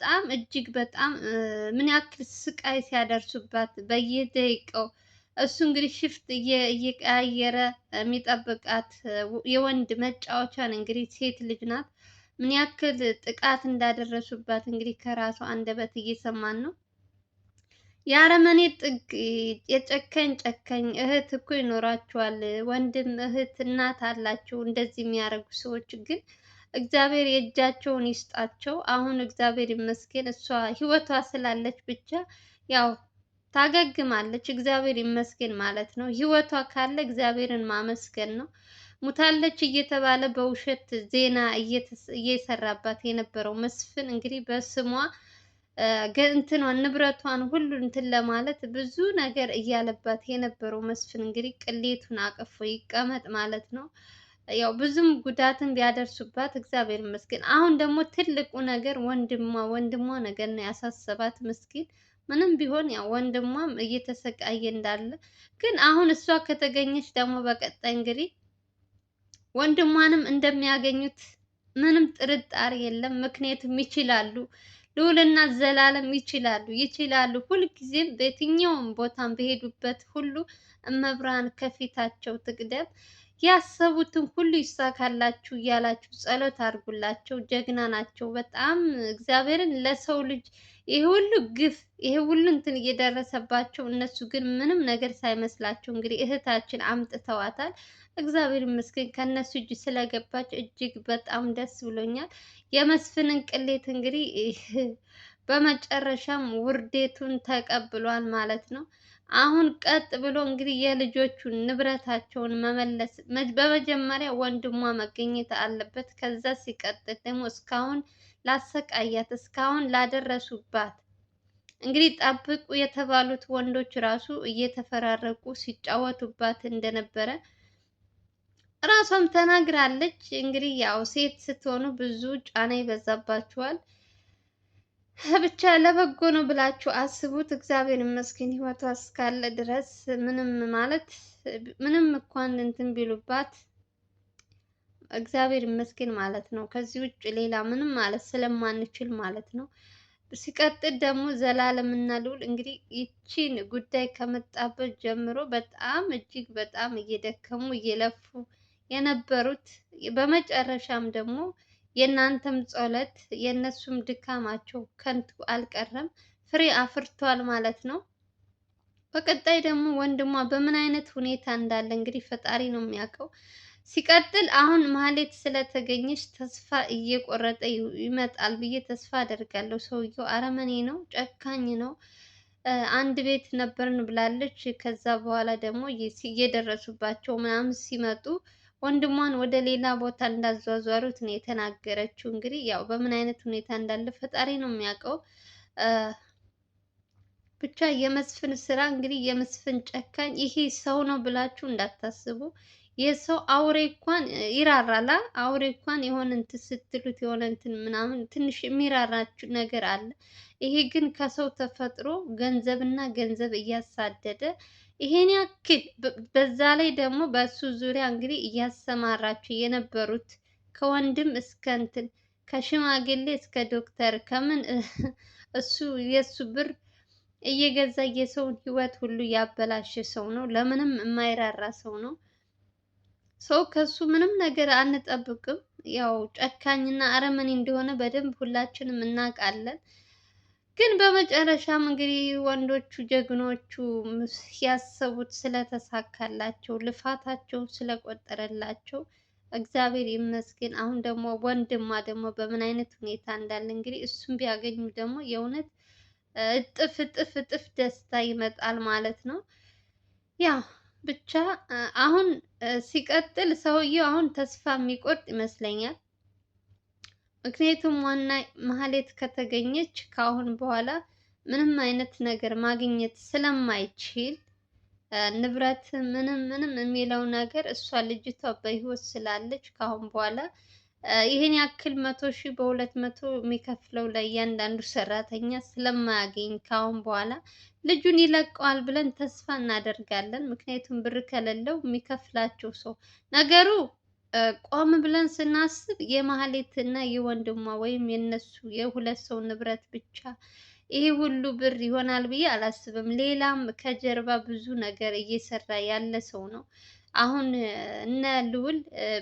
በጣም እጅግ በጣም ምን ያክል ስቃይ ሲያደርሱባት በየደቂቃው እሱ እንግዲህ ሽፍት እየቀያየረ የሚጠብቃት የወንድ መጫወቻን እንግዲህ ሴት ልጅ ናት። ምን ያክል ጥቃት እንዳደረሱባት እንግዲህ ከራሱ አንደበት እየሰማን ነው። የአረመኔ ጥግ የጨከኝ ጨከኝ እህት እኮ ይኖራችኋል፣ ወንድም እህት እናት አላችሁ እንደዚህ የሚያደርጉ ሰዎች ግን እግዚአብሔር የእጃቸውን ይስጣቸው። አሁን እግዚአብሔር ይመስገን እሷ ህይወቷ ስላለች ብቻ ያው ታገግማለች። እግዚአብሔር ይመስገን ማለት ነው። ህይወቷ ካለ እግዚአብሔርን ማመስገን ነው። ሙታለች እየተባለ በውሸት ዜና እየሰራባት የነበረው መስፍን እንግዲህ በስሟ እንትኗን ንብረቷን ሁሉ እንትን ለማለት ብዙ ነገር እያለባት የነበረው መስፍን እንግዲህ ቅሌቱን አቅፎ ይቀመጥ ማለት ነው። ያው ብዙም ጉዳትን ቢያደርሱባት እግዚአብሔር ይመስገን። አሁን ደግሞ ትልቁ ነገር ወንድሟ ወንድሟ ነገር ነው ያሳሰባት ምስኪን። ምንም ቢሆን ያው ወንድሟም እየተሰቃየ እንዳለ ግን አሁን እሷ ከተገኘች ደግሞ በቀጣይ እንግዲህ ወንድሟንም እንደሚያገኙት ምንም ጥርጣሬ የለም። ምክንያቱም ይችላሉ፣ ልዑልና ዘላለም ይችላሉ ይችላሉ። ሁልጊዜም በየትኛውም ቦታም በሄዱበት ሁሉ እመብርሃን ከፊታቸው ትቅደም። ያሰቡትን ሁሉ ይሳካላችሁ እያላችሁ ጸሎት አድርጉላቸው። ጀግና ናቸው በጣም እግዚአብሔርን ለሰው ልጅ ይሄ ሁሉ ግፍ ይሄ ሁሉ እንትን እየደረሰባቸው እነሱ ግን ምንም ነገር ሳይመስላቸው እንግዲህ እህታችን አምጥተዋታል። እግዚአብሔር ይመስገን ከእነሱ እጅ ስለገባች እጅግ በጣም ደስ ብሎኛል። የመስፍንን ቅሌት እንግዲህ በመጨረሻም ውርዴቱን ተቀብሏል ማለት ነው። አሁን ቀጥ ብሎ እንግዲህ የልጆቹን ንብረታቸውን መመለስ በመጀመሪያ ወንድሟ መገኘት አለበት። ከዛ ሲቀጥል ደግሞ እስካሁን ላሰቃያት እስካሁን ላደረሱባት እንግዲህ ጠብቁ የተባሉት ወንዶች ራሱ እየተፈራረቁ ሲጫወቱባት እንደነበረ እራሷም ተናግራለች። እንግዲህ ያው ሴት ስትሆኑ ብዙ ጫና ይበዛባችኋል። ብቻ ለበጎ ነው ብላችሁ አስቡት። እግዚአብሔር ይመስገን ህይወቷ እስካለ ድረስ ምንም ማለት ምንም እንኳን እንትን ቢሉባት እግዚአብሔር ይመስገን ማለት ነው። ከዚህ ውጭ ሌላ ምንም ማለት ስለማንችል ማለት ነው። ሲቀጥል ደግሞ ዘላለም እና ልዑል እንግዲህ ይቺን ጉዳይ ከመጣበት ጀምሮ በጣም እጅግ በጣም እየደከሙ እየለፉ የነበሩት በመጨረሻም ደግሞ የእናንተም ጸሎት የእነሱም ድካማቸው ከንቱ አልቀረም፣ ፍሬ አፍርቷል ማለት ነው። በቀጣይ ደግሞ ወንድሟ በምን አይነት ሁኔታ እንዳለ እንግዲህ ፈጣሪ ነው የሚያውቀው። ሲቀጥል አሁን ማህሌት ስለተገኘች ተስፋ እየቆረጠ ይመጣል ብዬ ተስፋ አደርጋለሁ። ሰውየው አረመኔ ነው፣ ጨካኝ ነው። አንድ ቤት ነበርን ብላለች። ከዛ በኋላ ደግሞ እየደረሱባቸው ምናምን ሲመጡ ወንድሟን ወደ ሌላ ቦታ እንዳዟዟሩት ነው የተናገረችው። እንግዲህ ያው በምን አይነት ሁኔታ እንዳለ ፈጣሪ ነው የሚያውቀው። ብቻ የመስፍን ስራ እንግዲህ የመስፍን ጨካኝ ይሄ ሰው ነው ብላችሁ እንዳታስቡ። የሰው አውሬ እንኳን ይራራላ። አውሬ እንኳን የሆነ እንትን ስትሉት የሆነ እንትን ምናምን ትንሽ የሚራራችሁ ነገር አለ። ይሄ ግን ከሰው ተፈጥሮ ገንዘብና ገንዘብ እያሳደደ ይሄን ያክል በዛ ላይ ደግሞ በሱ ዙሪያ እንግዲህ እያሰማራችሁ የነበሩት ከወንድም እስከ እንትን ከሽማግሌ እስከ ዶክተር ከምን እሱ የእሱ ብር እየገዛ የሰውን ህይወት ሁሉ ያበላሸ ሰው ነው። ለምንም የማይራራ ሰው ነው። ሰው ከሱ ምንም ነገር አንጠብቅም። ያው ጨካኝና አረመኔ እንደሆነ በደንብ ሁላችንም እናውቃለን። ግን በመጨረሻም እንግዲህ ወንዶቹ ጀግኖቹ ያሰቡት ስለተሳካላቸው ልፋታቸው ስለቆጠረላቸው እግዚአብሔር ይመስገን። አሁን ደግሞ ወንድሟ ደግሞ በምን አይነት ሁኔታ እንዳለ እንግዲህ እሱም ቢያገኙ ደግሞ የእውነት እጥፍ እጥፍ እጥፍ ደስታ ይመጣል ማለት ነው። ያው ብቻ አሁን ሲቀጥል ሰውየው አሁን ተስፋ የሚቆርጥ ይመስለኛል። ምክንያቱም ዋና ማህሌት ከተገኘች ከአሁን በኋላ ምንም አይነት ነገር ማግኘት ስለማይችል ንብረት ምንም ምንም የሚለው ነገር እሷ ልጅቷ በህይወት ስላለች ከአሁን በኋላ ይህን ያክል መቶ ሺህ በሁለት መቶ የሚከፍለው ለእያንዳንዱ ሰራተኛ ስለማያገኝ ከአሁን በኋላ ልጁን ይለቀዋል ብለን ተስፋ እናደርጋለን። ምክንያቱም ብር ከሌለው የሚከፍላቸው ሰው ነገሩ ቆም ብለን ስናስብ የማህሌት እና የወንድሟ ወይም የነሱ የሁለት ሰው ንብረት ብቻ ይህ ሁሉ ብር ይሆናል ብዬ አላስብም። ሌላም ከጀርባ ብዙ ነገር እየሰራ ያለ ሰው ነው። አሁን እነ ልውል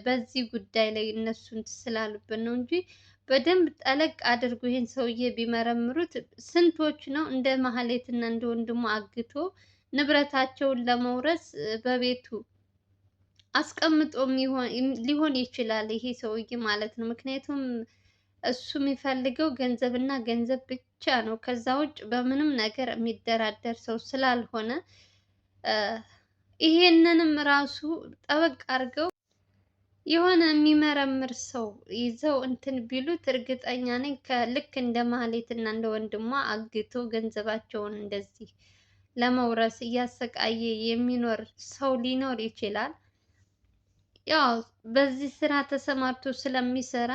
በዚህ ጉዳይ ላይ እነሱን ስላሉበት ነው እንጂ በደንብ ጠለቅ አድርጎ ይህን ሰውዬ ቢመረምሩት ስንቶች ነው እንደ ማህሌትና እንደ ወንድሟ አግቶ ንብረታቸውን ለመውረስ በቤቱ አስቀምጦም ሊሆን ይችላል ይሄ ሰውዬ ማለት ነው። ምክንያቱም እሱ የሚፈልገው ገንዘብ እና ገንዘብ ብቻ ነው። ከዛ ውጭ በምንም ነገር የሚደራደር ሰው ስላልሆነ ይሄንንም ራሱ ጠበቅ አድርገው የሆነ የሚመረምር ሰው ይዘው እንትን ቢሉት እርግጠኛ ነኝ ከልክ እንደ ማህሌት እና እንደ ወንድሟ አግቶ ገንዘባቸውን እንደዚህ ለመውረስ እያሰቃየ የሚኖር ሰው ሊኖር ይችላል። ያው በዚህ ስራ ተሰማርቶ ስለሚሰራ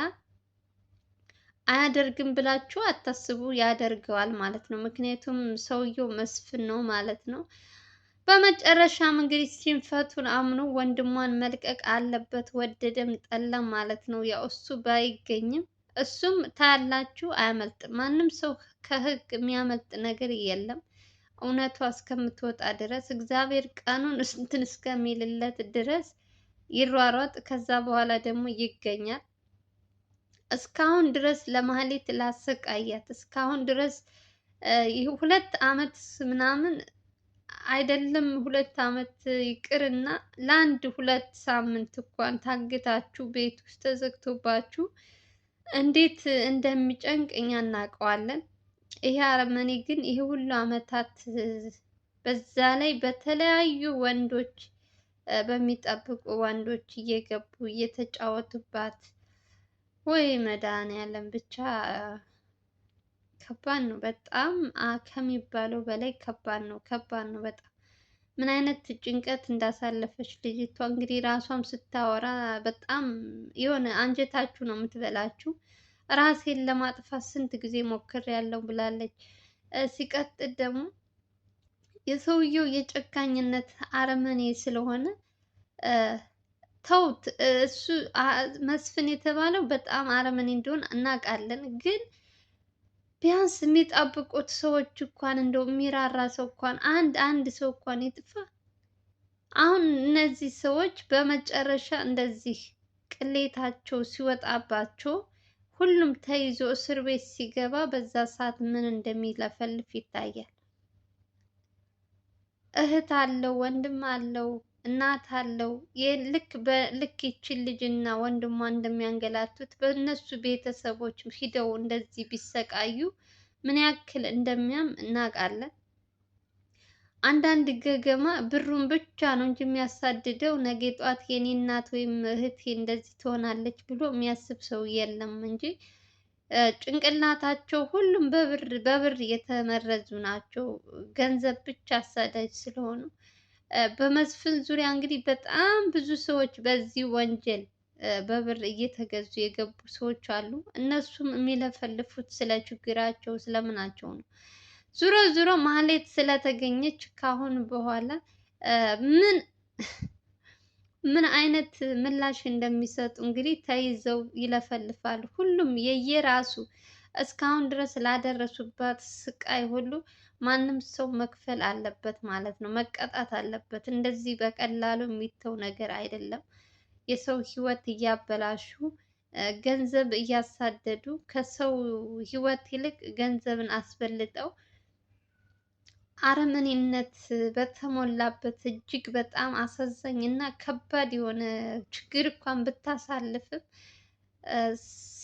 አያደርግም ብላችሁ አታስቡ፣ ያደርገዋል ማለት ነው። ምክንያቱም ሰውየው መስፍን ነው ማለት ነው። በመጨረሻም እንግዲህ ሲንፈቱን አምኖ ወንድሟን መልቀቅ አለበት ወደደም ጠላም ማለት ነው። ያው እሱ ባይገኝም እሱም ታያላችሁ፣ አያመልጥም። ማንም ሰው ከህግ የሚያመልጥ ነገር የለም። እውነቷ እስከምትወጣ ድረስ እግዚአብሔር ቀኑን እንትን እስከሚልለት ድረስ ይሯሯጥ፣ ከዛ በኋላ ደግሞ ይገኛል። እስካሁን ድረስ ለማህሌት ላሰቃያት፣ እስካሁን ድረስ ሁለት አመት ምናምን አይደለም ሁለት አመት ይቅርና ለአንድ ሁለት ሳምንት እንኳን ታግታችሁ ቤት ውስጥ ተዘግቶባችሁ እንዴት እንደሚጨንቅ እኛ እናውቀዋለን። ይሄ አረመኔ ግን ይሄ ሁሉ አመታት በዛ ላይ በተለያዩ ወንዶች በሚጠብቁ ወንዶች እየገቡ እየተጫወቱባት። ወይ መድኃኒዓለም ብቻ ከባድ ነው። በጣም ከሚባለው በላይ ከባድ ነው። ከባድ ነው በጣም ምን አይነት ጭንቀት እንዳሳለፈች ልጅቷ እንግዲህ ራሷም ስታወራ በጣም የሆነ አንጀታችሁ ነው የምትበላችሁ። ራሴን ለማጥፋት ስንት ጊዜ ሞክሬያለሁ ብላለች። ሲቀጥል ደግሞ የሰውየው የጨካኝነት አረመኔ ስለሆነ ተውት። እሱ መስፍን የተባለው በጣም አረመኔ እንደሆነ እናውቃለን፣ ግን ቢያንስ የሚጠብቁት ሰዎች እንኳን እንደው የሚራራ ሰው እንኳን አንድ አንድ ሰው እንኳን ይጥፋ። አሁን እነዚህ ሰዎች በመጨረሻ እንደዚህ ቅሌታቸው ሲወጣባቸው ሁሉም ተይዞ እስር ቤት ሲገባ በዛ ሰዓት ምን እንደሚለፈልፍ ይታያል። እህት አለው፣ ወንድም አለው፣ እናት አለው። ልክ በልክ ይችን ልጅና ወንድሟ እንደሚያንገላቱት በእነሱ ቤተሰቦች ሂደው እንደዚህ ቢሰቃዩ ምን ያክል እንደሚያም እናውቃለን። አንዳንድ ገገማ ብሩን ብቻ ነው እንጂ የሚያሳድደው ነገ ጧት የኔ እናት ወይም እህቴ እንደዚህ ትሆናለች ብሎ የሚያስብ ሰው የለም እንጂ ጭንቅላታቸው ሁሉም በብር በብር የተመረዙ ናቸው። ገንዘብ ብቻ አሳዳጅ ስለሆኑ በመስፍን ዙሪያ እንግዲህ በጣም ብዙ ሰዎች በዚህ ወንጀል በብር እየተገዙ የገቡ ሰዎች አሉ። እነሱም የሚለፈልፉት ስለ ችግራቸው ስለምናቸው ነው። ዙሮ ዙሮ ማህሌት ስለተገኘች ካሁን በኋላ ምን ምን አይነት ምላሽ እንደሚሰጡ እንግዲህ ተይዘው ይለፈልፋሉ። ሁሉም የየራሱ እስካሁን ድረስ ላደረሱባት ስቃይ ሁሉ ማንም ሰው መክፈል አለበት ማለት ነው፣ መቀጣት አለበት። እንደዚህ በቀላሉ የሚተው ነገር አይደለም። የሰው ሕይወት እያበላሹ ገንዘብ እያሳደዱ ከሰው ሕይወት ይልቅ ገንዘብን አስበልጠው አረመኔነት በተሞላበት እጅግ በጣም አሳዛኝ እና ከባድ የሆነ ችግር እንኳን ብታሳልፍም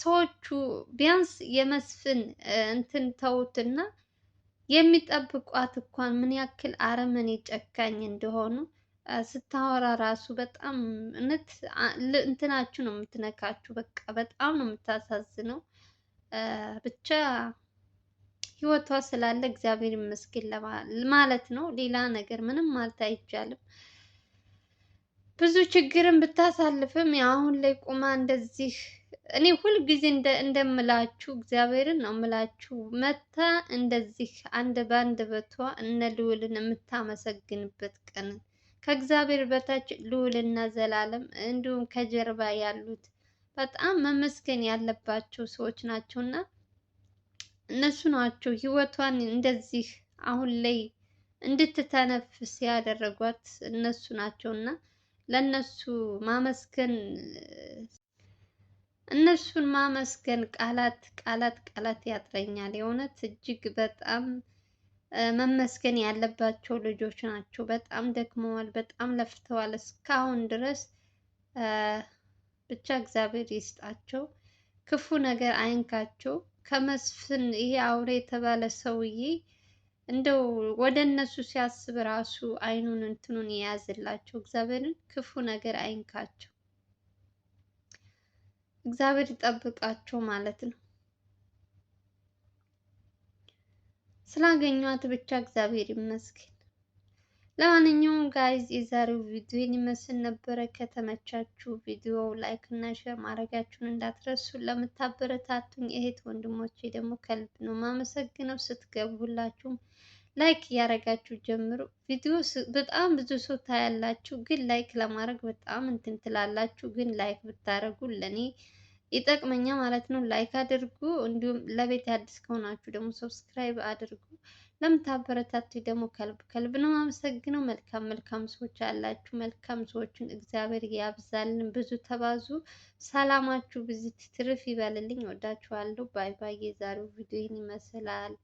ሰዎቹ ቢያንስ የመስፍን እንትን ተውትና የሚጠብቋት እንኳን ምን ያክል አረመኔ ጨካኝ እንደሆኑ ስታወራ ራሱ በጣም እውነት እንትናችሁ ነው የምትነካችሁ። በቃ በጣም ነው የምታሳዝነው ብቻ ህይወቷ ስላለ እግዚአብሔር ይመስገን ማለት ነው። ሌላ ነገር ምንም ማለት አይቻልም። ብዙ ችግርን ብታሳልፍም አሁን ላይ ቁማ እንደዚህ እኔ ሁልጊዜ እንደምላችሁ እግዚአብሔርን ነው የምላችሁ። መታ እንደዚህ አንድ በአንድ በቷ እነ ልዑልን የምታመሰግንበት ቀን ከእግዚአብሔር በታች ልዑልና ዘላለም እንዲሁም ከጀርባ ያሉት በጣም መመስገን ያለባቸው ሰዎች ናቸውና እነሱ ናቸው ህይወቷን እንደዚህ አሁን ላይ እንድትተነፍስ ያደረጓት እነሱ ናቸው እና ለእነሱ ማመስገን እነሱን ማመስገን ቃላት ቃላት ቃላት ያጥረኛል። የእውነት እጅግ በጣም መመስገን ያለባቸው ልጆች ናቸው። በጣም ደክመዋል፣ በጣም ለፍተዋል። እስካሁን ድረስ ብቻ እግዚአብሔር ይስጣቸው፣ ክፉ ነገር አይንካቸው። ከመስፍን ይሄ አውሬ የተባለ ሰውዬ እንደው ወደ እነሱ ሲያስብ ራሱ አይኑን እንትኑን የያዝላቸው። እግዚአብሔርን ክፉ ነገር አይንካቸው። እግዚአብሔር ይጠብቃቸው ማለት ነው። ስላገኟት ብቻ እግዚአብሔር ይመስገን። ለማንኛውም ጋይዝ የዛሬው ቪዲዮ ይመስል ነበረ። ከተመቻችሁ ቪዲዮ ላይክ እና ሼር ማድረጋችሁን እንዳትረሱ። ለምታበረታቱኝ እህት ወንድሞቼ ደግሞ ከልብ ነው ማመሰግነው። ስትገቡ ሁላችሁም ላይክ እያደረጋችሁ ጀምሩ። ቪዲዮ በጣም ብዙ ሰው ታያላችሁ፣ ግን ላይክ ለማድረግ በጣም እንትን ትላላችሁ። ግን ላይክ ብታደረጉ ለእኔ ይጠቅመኛ ማለት ነው። ላይክ አድርጉ። እንዲሁም ለቤት አዲስ ከሆናችሁ ደግሞ ሰብስክራይብ አድርጉ። ለምታበረታቱ ደግሞ ከልብ ከልብ ነው የማመሰግነው። መልካም መልካም ሰዎች አላችሁ። መልካም ሰዎችን እግዚአብሔር ያብዛልን። ብዙ ተባዙ። ሰላማችሁ ብዙ ትርፍ ይበልልኝ። ወዳችኋለሁ። ባይ ባይ። የዛሬው ቪዲዮ ይህን ይመስላል።